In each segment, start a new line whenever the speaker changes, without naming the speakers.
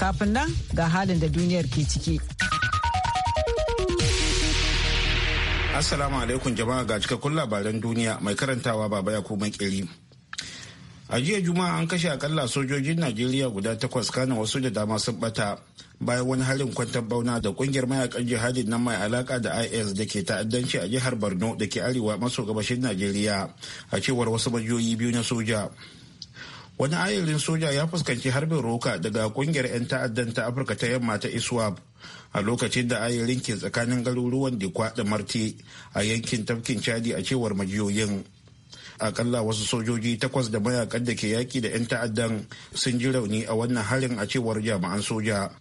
Kafin nan ga halin da duniyar ke ciki.
Assalamu alaikum jama'a ga cikakkun labaran duniya mai karantawa baba ya kuma kiri. A jiya Juma'a an kashe akalla sojojin Najeriya guda takwas kana wasu da dama sun bata bayan wani harin kwantar bauna da kungiyar mayakan jihadin nan mai alaka da IS da ke ta'addanci a jihar Borno da ke arewa maso gabashin Najeriya a cewar wasu majiyoyi biyu na soja. wani ayirin soja ya fuskanci harbin roka daga kungiyar 'yan ta'addan ta afirka ta yamma ta iswab a lokacin da ayarin ke tsakanin garuruwan dikwa da marti a yankin tafkin chadi a cewar majiyoyin akalla wasu sojoji takwas da mayakan da ke yaki da 'yan ta'addan sun ji rauni a wannan harin a cewar jami'an soja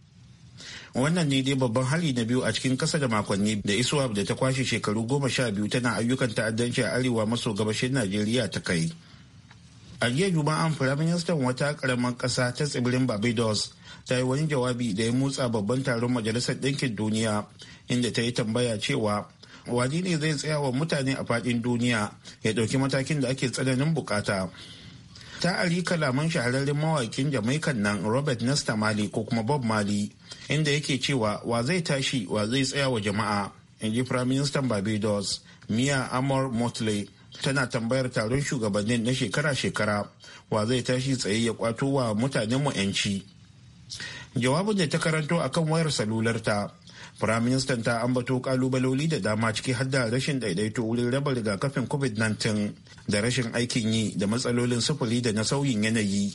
wannan ne dai babban hali na biyu a cikin kasa da makonni da iswab da ta kwashe shekaru goma sha biyu tana ayyukan ta'addanci a arewa maso gabashin najeriya ta kai a jiya juma'an firaministan wata karamar kasa ta tsibirin barbados ta yi wani jawabi da ya motsa babban taron majalisar ɗinkin duniya inda ta yi tambaya cewa wani ne zai tsaya wa mutane a faɗin duniya ya ɗauki matakin da ake tsananin bukata ta ari kalaman shahararren mawakin jamaikan nan robert nesta mali ko kuma bob mali inda yake cewa wa zai tashi wa zai tsaya wa jama'a in ji firaministan barbados mia amor motley tana tambayar taron shugabannin na shekara-shekara wa zai tashi tsaye ya kwato wa mu 'yanci. Jawabin da ta karanto a kan wayar salularta, Firaministan ta ambato kalubaloli da dama ciki har da rashin daidaito wurin raba rigakafin COVID-19 da rashin aikin yi da matsalolin sufuri da na sauyin yanayi.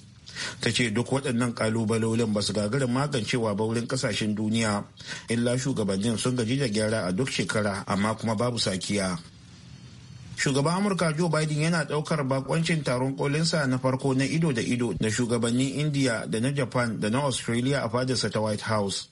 ta ce duk waɗannan ƙalubalolin ba su gagarin magancewa ba wurin ƙasashen duniya illa shugabannin sun gaji da gyara a duk shekara amma kuma babu sakiya shugaban amurka joe biden yana daukar bakoncin taron kolinsa na farko na ido da ido da shugabannin india da na japan da na australia a fadarsa ta white house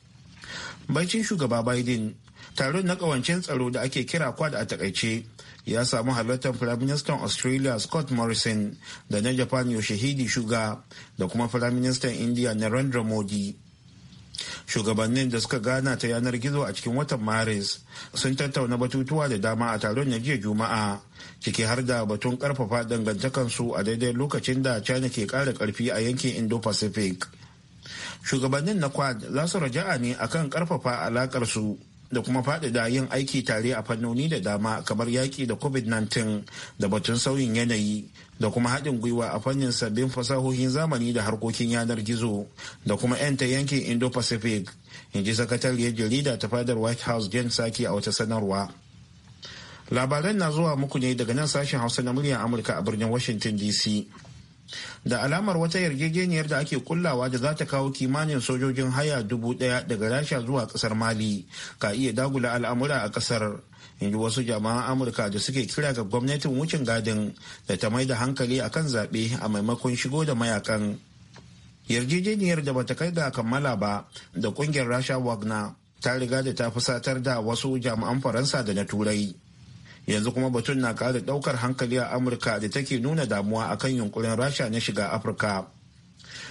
baicin shugaba biden taron na kawancin tsaro da ake kira quad a takaice ya samu halartar firaministan australia scott morrison da na japan yoshihidi shuga da kuma firaministan india narendra modi shugabannin da suka gana ta yanar gizo a cikin watan maris sun tattauna batutuwa da dama a taron na jiya juma'a ciki har da batun karfafa dangantakansu a daidai lokacin da china ke kara karfi a yankin indo-pacific shugabannin na quad za su raja'a ne akan karfafa alakarsu da kuma faɗaɗa yin aiki tare a fannoni da dama kamar yaƙi da covid-19 da batun sauyin yanayi da kuma haɗin gwiwa a fannin sabbin fasahohin zamani da harkokin yanar gizo da kuma 'yan ta yankin indo-pacific in ji sakatariyar jarida ta fadar white house jen saki a wata sanarwa labaran na zuwa muku ne daga nan sashen hausa na muryar amurka a birnin washington dc da alamar wata yarjejeniyar da ake kullawa da za ta kawo kimanin sojojin haya dubu daya daga rasha zuwa kasar mali ka iya dagula al'amura a kasar inji wasu jama'an amurka da suke kira ga gwamnatin wucin gadin da ta mai da hankali a kan zaɓe a maimakon shigo da mayakan yarjejeniyar da bata kai ga kammala ba da kungiyar rasha wagner ta riga da ta fusatar da wasu jami'an faransa da na turai yanzu kuma batun na kara daukar hankali a amurka da take nuna damuwa akan yunkurin rasha na shiga afirka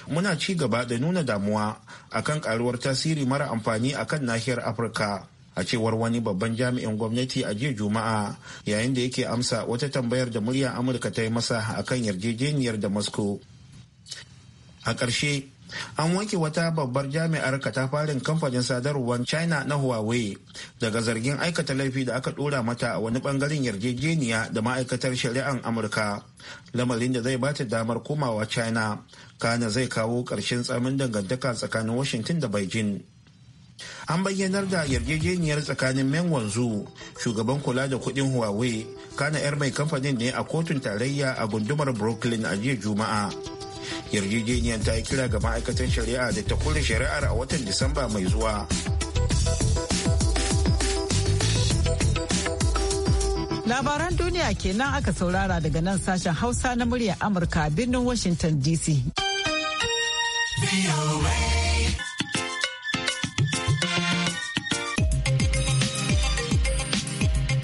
muna ci gaba da nuna damuwa akan karuwar tasiri mara amfani akan nahiyar afirka a cewar wani babban jami'in gwamnati a jiya juma'a yayin da yake amsa wata tambayar da murya amurka ta yi masa akan yarjejeniyar da moscow a ƙarshe an wanke wata babbar jami'ar katafarin kamfanin sadarwar china na huawei daga zargin aikata laifi da aka dora mata a wani bangaren yarjejeniya da ma'aikatar shari'an amurka lamarin da zai bata damar komawa china kana zai kawo ƙarshen tsamin dangantaka tsakanin washington da beijing an bayyanar da yarjejeniyar tsakanin men wanzu shugaban kula da kuɗin huawei kana 'yar mai kamfanin ne a kotun tarayya a gundumar brooklyn a jiya juma'a yarjejeniyar ta yi kira ga ma'aikatan shari'a da ta kula shari'ar a watan disamba mai zuwa
labaran duniya kenan aka saurara daga nan sashen hausa na muryar amurka birnin washington dc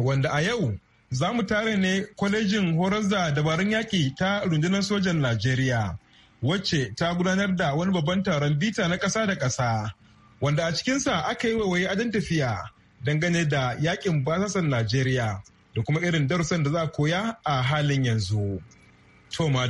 wanda a yau za mu tare ne kwalejin horar da dabarun yaƙi ta rundunar sojan Najeriya, wacce ta gudanar da wani babban taron bita na ƙasa da ƙasa, wanda a cikinsa aka yi waiwaye adon tafiya dangane da yaƙin basasan Najeriya da kuma irin darussan da za a koya a halin yanzu. Toma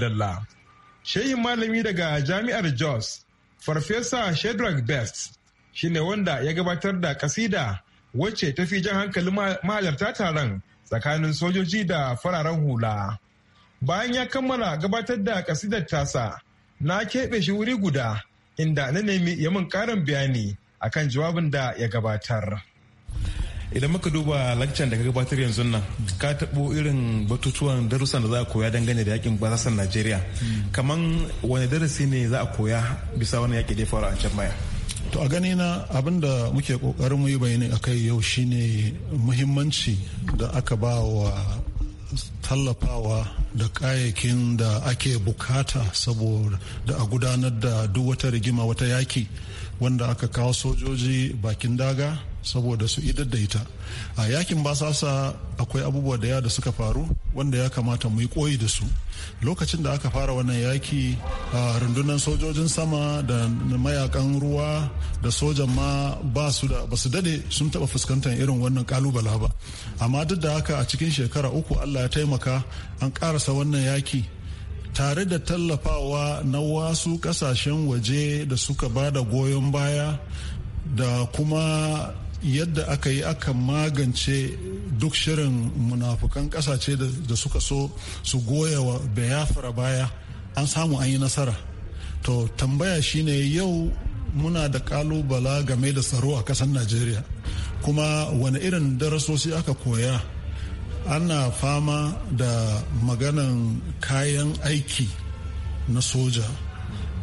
Shehin malami daga Jami'ar Jos, Farfesa Shedrack Best, shi ne wanda ya gabatar da kasida wacce ta fi jan hankalin mahalarta taron tsakanin sojoji da fararen hula. Bayan ya kammala gabatar da kasidar tasa, na keɓe shi wuri guda inda na nemi ya min ƙarin bayani akan jawabin da ya gabatar. Idan muka duba lakcan da ka gabatar yanzu nan, ka taɓo irin batutuwan darussan da za a koya dangane da yakin basasan Najeriya. Hmm. Kaman wani darasi ne za a koya bisa wani yaƙi da ya faru a can baya?
to a gani na abin da muke kokarin mu yi bayani kai yau shine muhimmanci da aka ba wa tallafawa da kayayyakin da ake bukata saboda a gudanar da duk wata rigima wata yaki wanda aka kawo sojoji bakin daga saboda su idar da ita a yakin basasa akwai abubuwa da yawa da suka faru wanda ya kamata mu yi koyi da su lokacin da aka fara wannan yaki a rundunar sojojin sama da mayakan ruwa da sojan ma ba su da basu daɗe sun taɓa fuskantar irin wannan kalubala ba amma duk da haka a cikin shekara uku allah ya taimaka an ƙarasa wannan yaki tare da tallafawa na wasu kasashen waje da suka ba da goyon baya da kuma yadda aka yi aka magance duk shirin munafukan kasace da suka so su goya wa bayafara baya an samu an yi nasara to tambaya shine yau muna da kalubala game da tsaro a kasar najeriya kuma wani irin darasosi aka koya ana fama da maganan kayan aiki na soja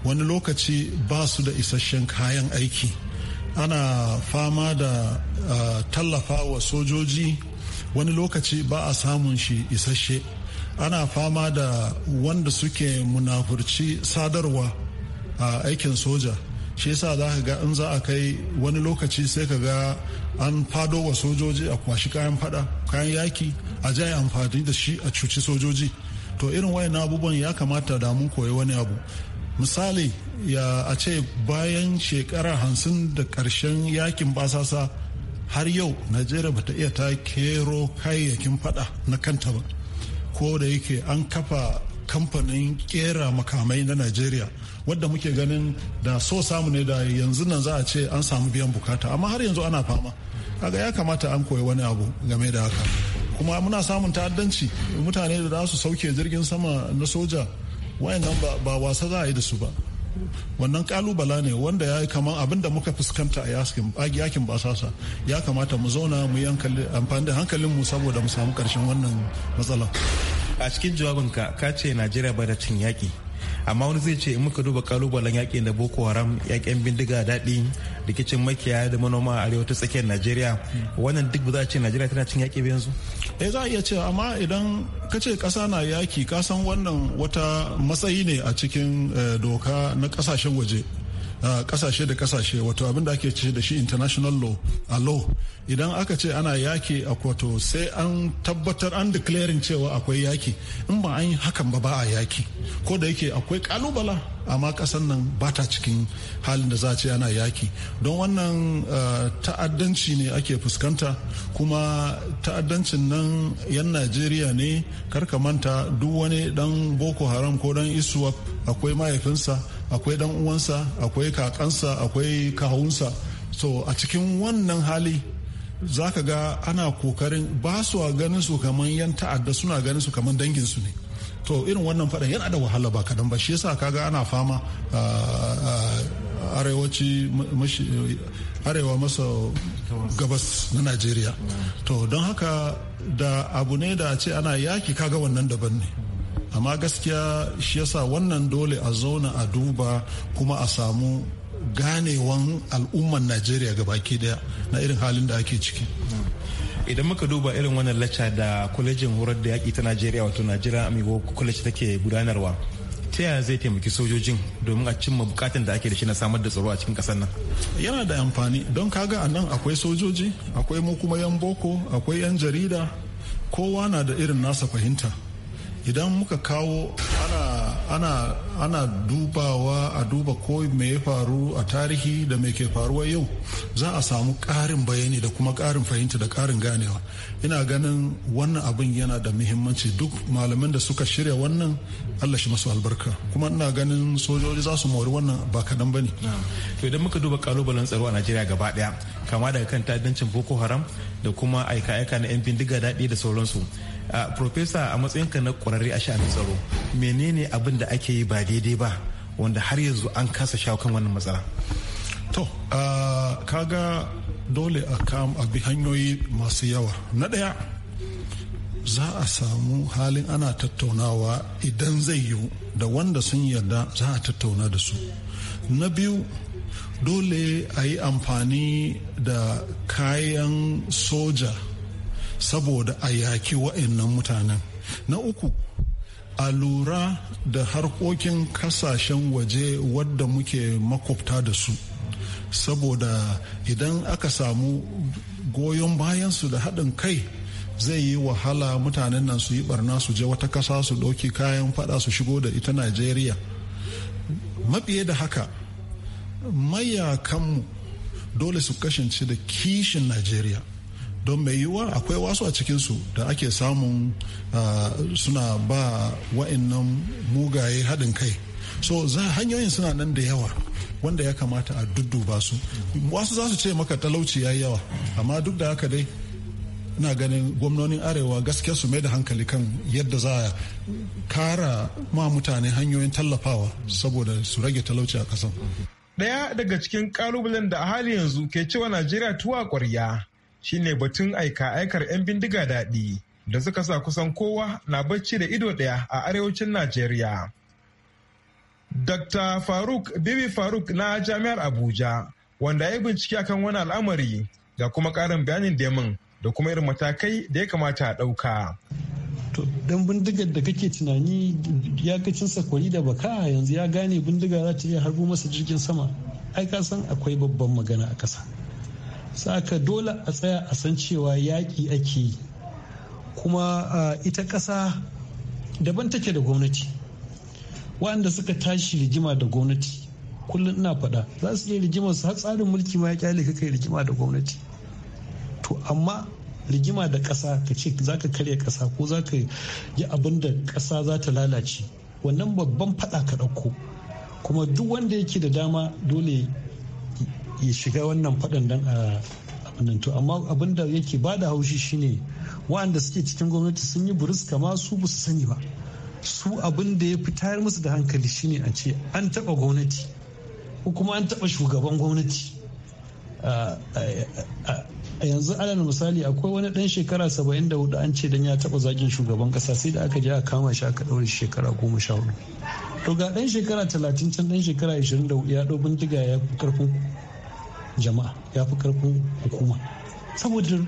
wani lokaci ba su da isasshen kayan aiki ana fama da uh, tallafa wa sojoji wani lokaci ba a samun shi isasshe ana fama da wanda suke munafurci sadarwa a aikin soja shi yasa za ga in za a kai wani lokaci sai ka ga an fado wa sojoji a kwashi kayan fada kayan yaki a jayi amfani da shi a cuci sojoji to irin wayan abubuwan ya kamata da mun koyi wani abu misali ya a ce bayan shekara hamsin da karshen yakin basasa har yau najeriya bata iya ta kero kayayyakin fada na kanta ba ko da yake an kafa kamfanin kera makamai na najeriya wadda muke ganin da so samu ne da yanzu nan za a ce an samu biyan bukata amma har yanzu ana fama kaga ya kamata an koyi wani abu game da haka kuma muna samun ta'addanci mutane da za su sauke jirgin sama na soja wayannan ba wasa za a yi da su ba wannan kalubala ne wanda ya yi kamar abin da muka fuskanta a yakin basasa ya kamata mu zauna mu yi amfani da hankalin mu saboda mu samu karshen wannan matsala a cikin jawabinka
ka ce najeriya ba da cin yaki. amma wani zai ce in muka duba kalubalen yakin da boko haram yakin bindiga daɗi rikicin makiya da manoma a arewa ta tsakiyar najeriya wannan duk
ba za a ce najeriya tana cin yaƙi yanzu e za a iya cewa amma idan ka ce ƙasa na yaki ka san wannan wata matsayi ne a cikin eh, doka na ƙasashen waje kasashe da kasashe wato abin da ake ce da shi international law a law idan aka ce ana yaki a kwato sai an tabbatar an declaring cewa akwai yaki in ba an yi hakan ba ba a yaki ko da yake akwai kalubala amma kasan nan ba ta cikin halin da za a ce ana yaki don wannan ta'addanci ne ake fuskanta kuma ta'addancin nan yan najeriya ne karka manta duk wani dan boko haram ko dan isuwa akwai mahaifinsa akwai dan uwansa akwai kakansa akwai kahunsa so a cikin wannan hali za ka ga ana kokarin ba su ganin su kamar yan ta'adda suna ganin su kamar dangin su ne to irin wannan faɗan yana da wahala ba kadan ba shi yasa kaga ana fama arewaci arewa maso gabas na najeriya to don haka da abu ne da ce ana yaki kaga wannan daban ne amma gaskiya shi yasa wannan dole a zauna a duba kuma a samu ganewan al'umman najeriya baki daya na irin halin da ake ciki
idan muka duba irin wannan lacca da kwalejin horar da yaƙi ta najeriya wato najeriya amigo college take gudanarwa ta yaya zai taimaki sojojin domin a cimma bukatun da ake da shi na samar
da tsaro a cikin kasar nan yana da amfani don kaga a nan akwai sojoji akwai mu kuma yan boko akwai yan jarida kowa na da irin nasa fahimta idan muka kawo ana, dubawa a duba ko me ya faru a tarihi da me ke faruwa yau za a samu ƙarin bayani da kuma karin fahimta da karin ganewa ina ganin wannan abin yana da muhimmanci duk malaman da suka shirya wannan allah shi masu albarka kuma ina ganin sojoji za su mori wannan ba kaɗan ba ne
to idan muka duba kalubalen tsaro a najeriya gaba ɗaya kama daga kan ta'addancin boko haram da kuma aika-aika na 'yan bindiga daɗi da sauransu profesa a matsayinka na kwararre a sha'anin tsaro menene abin da ake yi ba daidai ba wanda har yanzu an kasa shawo kan wannan matsala
to kaga dole a kam a bi hanyoyi masu yawa na ɗaya za a samu halin ana tattaunawa idan zai yiwu da wanda sun yarda za a tattauna da su na biyu dole a yi amfani da kayan soja saboda a yaki wa'annan mutanen na uku a lura da harkokin kasashen waje wadda muke makwabta da su saboda idan aka samu goyon bayansu da haɗin kai zai yi wahala mutanen nan su yi barna su je wata kasa su ɗauki kayan fada su shigo da ita najeriya mafiye da haka mayakanmu dole su kasance da kishin najeriya don mai yiwuwa akwai wasu a cikinsu da ake samun ah, suna ba wa'annan mugaye haɗin kai so za hanyoyin suna nan da yawa wanda ya kamata a dudduba su wasu za su ce maka talauci ya yawa amma duk da haka dai ina ganin gwamnonin arewa gaskiya su mai da hankali kan yadda za a kara ma mutane hanyoyin tallafawa saboda su rage talauci a kasan. Daya
daga cikin kalubalen da a hali yanzu ke cewa Najeriya tuwa kwarya shine batun aika aikar 'yan bindiga daɗi da suka sa kusan kowa na bacci da ido ɗaya a arewacin Najeriya. Dr. Faruk Bibi Faruk na Jami'ar Abuja wanda ya bincike akan wani al'amari ga kuma ƙarin bayanin demin da kuma irin matakai da ya kamata a ɗauka.
To, dan bindigar da kake tunani ya kacin sakwari da baka yanzu ya gane bindiga za ta iya harbo masa jirgin sama. Ai ka san akwai babban magana a ƙasa. saka dole a tsaya a san cewa yaƙi ake yi kuma ita ƙasa daban take da gwamnati waɗanda suka tashi rigima da gwamnati kullum ina faɗa za su iya rigimar su har tsarin mulki ma ya kyale ka kai rigima da gwamnati to amma rigima da ƙasa ka ce za ka karya ƙasa ko za ka yi abin da ƙasa za ta lalace wannan babban faɗa ka ɗauko kuma duk wanda yake da dama dole ya shiga wannan faɗan dan a ah, nan amma abin da yake ba da haushi shine waɗanda suke cikin gwamnati sun yi buris kama su ba su sani ba su abin da ya fi tayar musu da hankali shine a ce an taɓa gwamnati ko kuma an taɓa shugaban gwamnati a ah, ah, yanzu alal misali akwai wani ɗan shekara 74 an ce dan ya taɓa zagin shugaban ƙasa sai da aka je a kama shi aka ɗaure shekara goma sha hudu to ga ɗan shekara 30 can ɗan shekara 24 ya ɗau bindiga ya karfin jama'a ya fi karfin hukuma saboda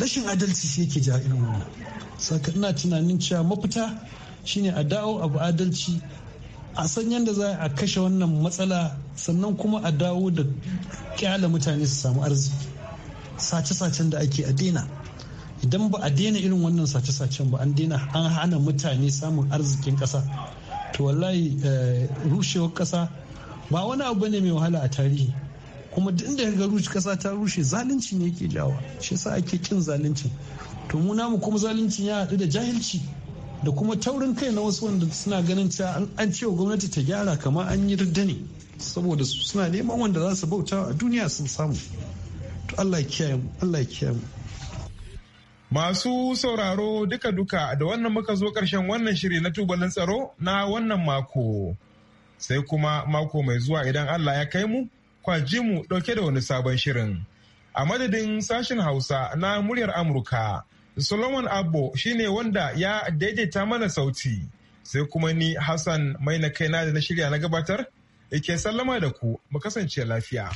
rashin adalci sai yake jihar irin wannan saka ina tunanin cewa mafita shine a dawo abu adalci a san yadda za a kashe wannan matsala sannan kuma a dawo da kyala mutane su samu arziki sace-sacen da ake a daina idan ba a daina irin wannan sace-sacen ba an daina an hana mutane samun arzikin kasa to wallahi eh, rushewar kasa ba wani abu ne mai wahala a tarihi kuma duk da ga rushe kasa ta rushe zalunci ne yake jawa shi yasa ake kin zalunci to mu namu kuma zalunci ya haɗu da jahilci da kuma taurin kai na wasu wanda suna ganin cewa an cewa gwamnati ta gyara kamar an yi ridda ne saboda suna neman wanda za su bauta a duniya sun samu to Allah ya kiyaye mu Allah kiyaye mu
Masu sauraro duka-duka da wannan muka zo karshen wannan shiri na tubalin tsaro na wannan mako. Sai kuma mako mai zuwa idan Allah ya kai mu kwaji mu ɗauke da wani sabon shirin. A madadin sashen Hausa na muryar Amurka, Solomon Abbo shine wanda ya daidaita mana sauti. Sai kuma ni Hassan mai na kaina da na shirya na gabatar, ke sallama da ku, mu kasance lafiya.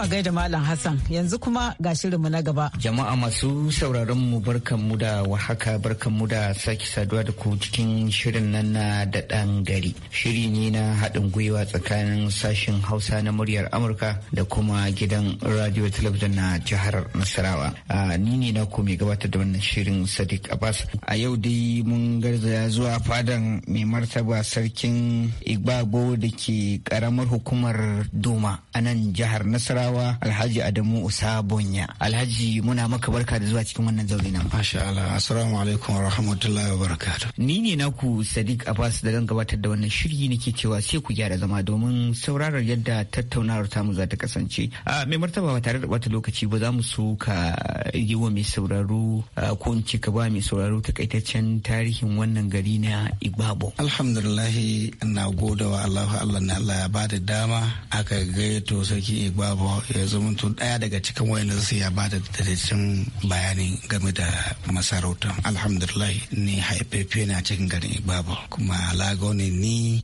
a gaida Malam Hassan yanzu kuma ga shirinmu na gaba. Jama'a masu
sauraron mu barkan mu da wahaka mu da sake saduwa da ku cikin shirin nan na da ɗan gari. Shiri ne na haɗin gwiwa tsakanin sashen Hausa na muryar Amurka da kuma gidan radio talabijin na jihar Nasarawa. Ni ne na ku mai gabatar da wannan shirin Sadiq Abbas. A yau dai mun garzaya zuwa fadan mai martaba sarkin Igbagbo da ke ƙaramar hukumar duma a nan jihar Nasarawa. Jigawa Alhaji Adamu Usa Bonya. Alhaji muna maka barka da zuwa cikin wannan zaune nan. Masha Allah. Assalamu alaikum wa rahmatullahi wa barakatuh. Ni ne naku Sadiq Abbas da zan gabatar da wannan shiri nake cewa sai ku gyara zama domin sauraron yadda tattaunawar tamu za ta kasance. mai martaba ba tare da wata lokaci ba za mu so ka yi wa mai sauraro ko in ce ka ba mai sauraro takaitaccen tarihin wannan gari na Igbabo. Alhamdulillahi ina godawa Allah Allah na Allah ya ba da dama aka
gayyato sarki Igbabo ya zamanto daya daga cikin wayan su ya ba da dadacin bayani game da masarautar alhamdulillah ni haifefe na cikin garin ibaba kuma alagoni ni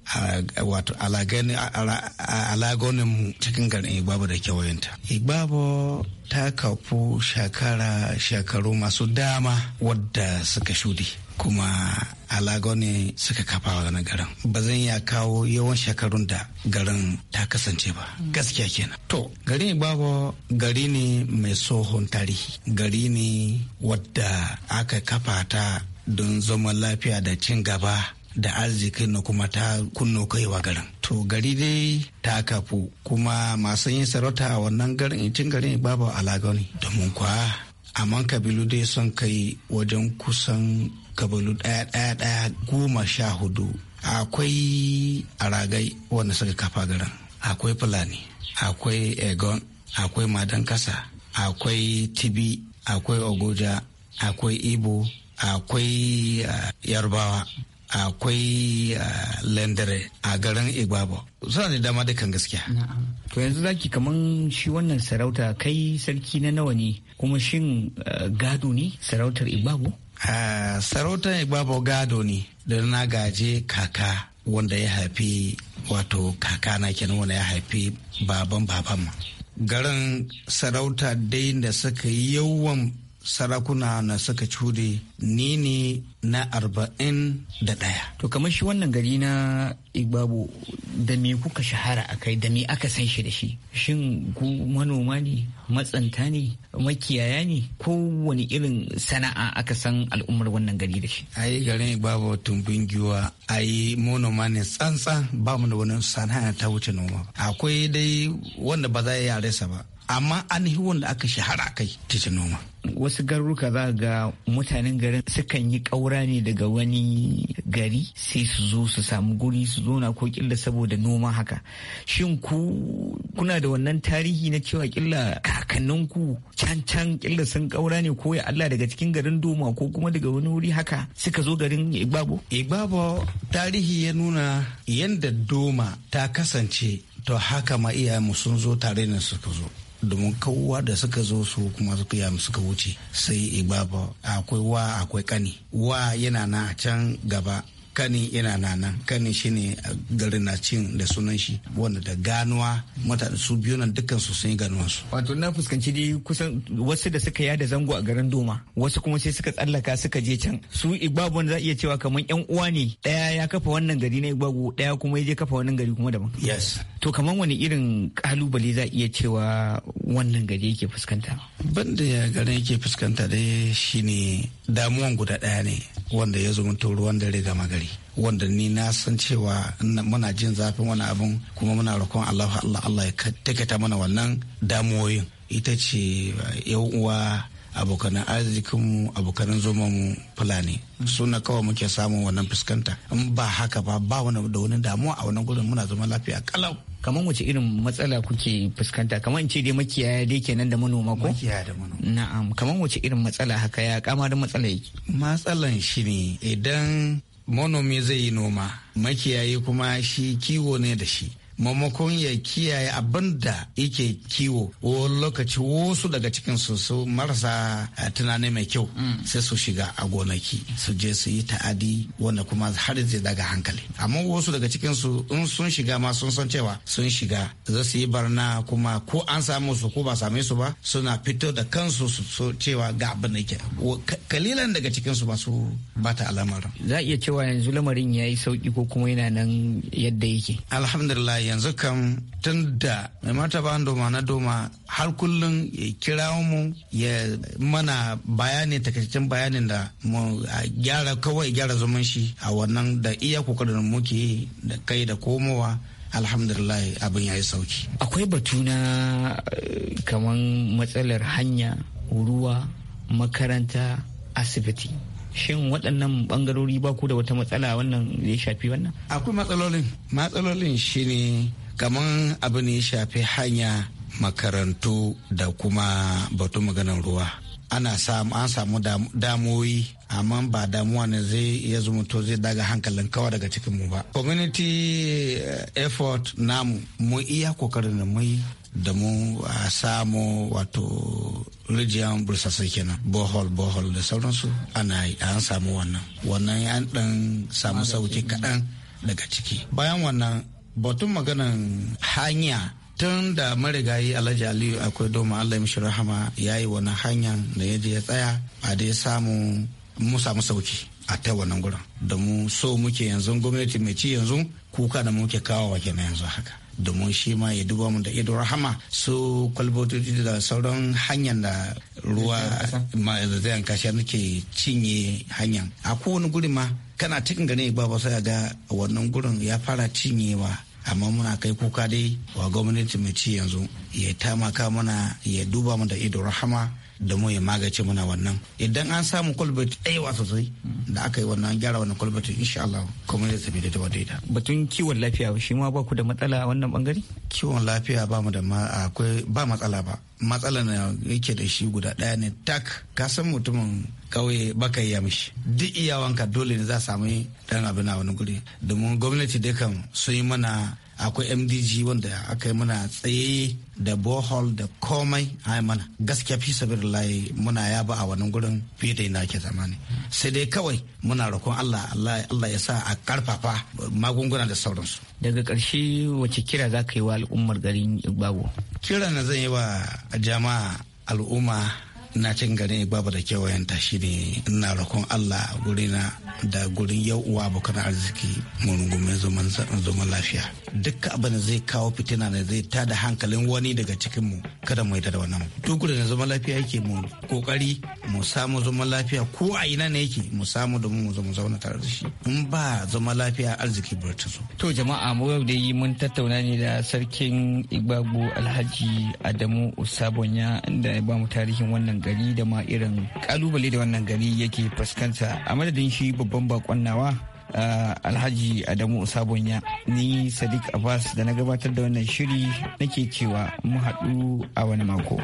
wato alagonin mu cikin garin ibaba da kewayenta ibaba ta kafu shakara shekaru masu dama wadda suka shudi kuma alago ne suka kafa na garin ba zan iya kawo yawan shekarun da garin ta kasance ba gaskiya kenan to garin babu gari ne mai tsohon tarihi gari ne wadda aka kafa ta don zaman lafiya da cin gaba da arziki na kuma ta kunno kaiwa garin. To gari dai ta kafu kuma masu yin sarauta a wannan garin cin garin babu alago ne. mun kwa amman kabilu dai son kai wajen kusan Kabulu ɗaya ɗaya ɗaya goma sha hudu akwai aragai wanda suka kafa garin akwai fulani akwai egon akwai madan kasa akwai tibi akwai ogoja akwai ibo akwai eh, yarbawa akwai eh, lendere a garin igbabo suna da dama dukan gaskiya
to yanzu zaki kaman shi wannan sarauta kai sarki na nawa ne kuma shin eh, gado ne sarautar igbabo Uh, sarautar Igbabo gado ne da na gaje
kaka wanda ya haifi wato kaka na kenan wanda ya haifi baban baban ma. garin sarauta dai da suka yi yawan
sarakuna na suka cude ni ne na arba'in da ɗaya. To kamar shi wannan gari na Igbabo da me kuka shahara a kai da me aka san shi da shi? Shin ku manoma ne matsanta ne makiyaya ne wani irin sana'a aka san al'ummar wannan gari da shi
ai garin babu tumbin giwa ai monoma ne tsantsa ba mu da wani sana'a ta wuce noma akwai dai wanda ba za a yi resa ba amma an yi wanda aka shahara kai ta noma
wasu garuruka za ga mutanen garin sukan yi ƙaura ne daga wani gari sai su zo su samu guri su zo ko ƙilla saboda noma haka shin ku kuna da wannan tarihi na cewa ƙilla kakanninku can can killa sun kaura ne ko ya Allah daga cikin garin Doma ko kuma daga wani wuri haka suka zo garin Igbabo? Igbabo
tarihi ya nuna yadda Doma ta kasance to haka ma mu sun zo tare ne suka zo. domin kowa da suka zo su kuma suka yamu suka wuce sai igbabo akwai wa akwai kani wa yana na can gaba kani ina na nan kani shine garin na cin da sunan shi wanda da ganuwa mutane su biyu nan dukkan su sun yi ganuwa su
wato na fuskanci dai kusan wasu da suka yada zango a garin doma wasu kuma sai suka tsallaka suka je can su igbabu za iya cewa kamar yan uwa ne daya ya kafa wannan gari na igbabu daya kuma ya je kafa wannan gari kuma daban yes to kamar wani irin kalubale za iya cewa wannan gari yake fuskanta banda garin yake fuskanta
dai shine damuwan guda daya ne wanda ya zumunta ruwan dare ga magari wanda ni na san cewa muna jin zafin wani abun kuma muna roƙon Allah Allah Allah ya takata mana wannan damuwoyin ita ce uh, yan uwa abokan mu abokan zomanmu fulani suna kawai muke samun wannan fuskanta in ba
haka ba ba wani da wani damuwa a wannan gurin muna zama lafiya kalau kamar wace irin matsala kuke fuskanta kamar in ce dai makiyaya dai kenan da manoma ko makiyaya da manoma na'am kamar wace irin matsala haka ya kama da matsala yake
matsalan shi ne idan manomi zai yi noma makiyayi kuma shi kiwo ne da shi mamakon ya kiyaye abin da yake kiwo wani lokaci wasu daga cikin su marasa eh, tunani mai kyau mm. sai su shiga a gonaki su je su yi ta'adi wanda kuma har zai daga hankali amma wasu daga cikin su in sun shiga ma sun san cewa sun shiga za su yi barna kuma ko an samu su ko ba same su ba suna fito da kansu su cewa ga abin da yake kalilan daga cikin su masu bata alamar
za a iya cewa yanzu lamarin ya yi sauki ko kuma yana nan yadda yake
alhamdulillah yanzu kam tun da mai martaba doma na doma har kullum ya kira mu ya mana bayani takaitaccen bayanin da mu gyara kawai gyara zumunci a wannan da iya kokarin muke da kai da komowa alhamdulillah abin ya yi sauki
akwai batu na eh, kaman matsalar hanya ruwa makaranta asibiti shin waɗannan bangarori ba ku da wata matsala wannan ya shafi wannan
akwai matsalolin matsalolin shi ne kamar abin ya shafi hanya makarantu da kuma batu maganar ruwa ana samu an samu damoyi amma ba damuwa ne zai iya zumunto zai daga hankalin kawa daga cikin mu ba community eh, effort namu mu iya kokarin da mu da mu samu wato bursa bursasai kenan bohol bohol da sauransu ana yi an samu wannan wannan an dan samu sauki kaɗan daga ciki bayan wannan batun maganan hanya tun da marigayi alhaji aliyu akwai doma allah mishi rahama ya yi wani hanyar da ya je ya tsaya a dai samu mu sauki a ta wannan gurin da mu so muke yanzu gwamnati mai ci yanzu kuka da muke kawo wa kenan yanzu haka domin shi ma ya duba mu da ido rahama su kwalbatoci da sauran hanyar da ruwa zai kashe nake cinye hanyar a kowane guri ma kana cikin gane ba ba sai ga wannan gurin ya fara cinyewa amma muna kai kuka dai wa gwamnati mai ci yanzu ya ta tamaka mana ya duba mu da ido rahama mu ya magace muna wannan idan an samu kwalbati ɗaya sosai da aka yi wannan gyara wannan kwalbati insha Allah kuma ya tafi da ta
batun kiwon lafiya shi ma ba ku da matsala a wannan bangare kiwon lafiya ba mu da
akwai ba matsala ba matsala na yake da shi guda ɗaya ne tak ka san mutumin kauye baka yi mishi duk iyawanka dole ne za samu ɗan abin a wani guri domin gwamnati dai kan sun yi mana akwai mdg wanda aka yi mana tsaye da bohol da komai a mana gaskiya fi sabirin muna ba a wannan gurin fiye da ina ke zamani sai dai kawai muna roƙon allah allah ya sa a karfafa magunguna da sauransu daga ƙarshe wace kira za ka yi wa al'ummar garin igbago kira na zan yi wa jama'a al'umma na cin garin babu da shi ne ina roƙon Allah gurina da gurin yau uwa abokan arziki mu rungume zaman lafiya dukkan abin da zai kawo fitina ne zai da hankalin wani daga cikin mu kada mu yi da wannan duk da zaman lafiya yake mu kokari mu samu zaman lafiya ko a ina ne yake mu samu domin mu zama zauna tare da shi in ba zama lafiya arziki bar ta
to jama'a mu yau dai mun tattauna ne da sarkin Igbagbo Alhaji Adamu Usabonya da ya ba mu tarihin wannan gari da ma irin kalubale da wannan gari yake fuskanta a madadin shi babban bakon nawa alhaji adamu sabonya ni sadiq abbas da na gabatar da wannan shiri nake cewa mu haɗu a wani mako.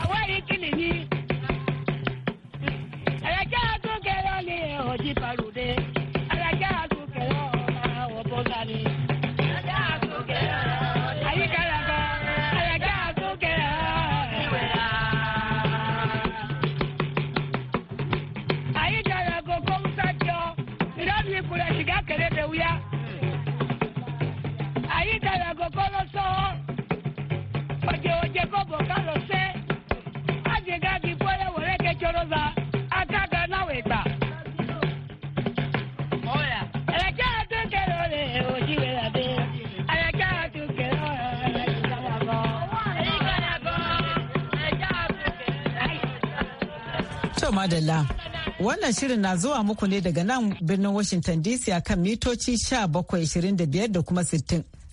madalla. Wannan shirin na zuwa muku ne daga nan birnin Washington DC a kan mitoci 1725 da kuma 60.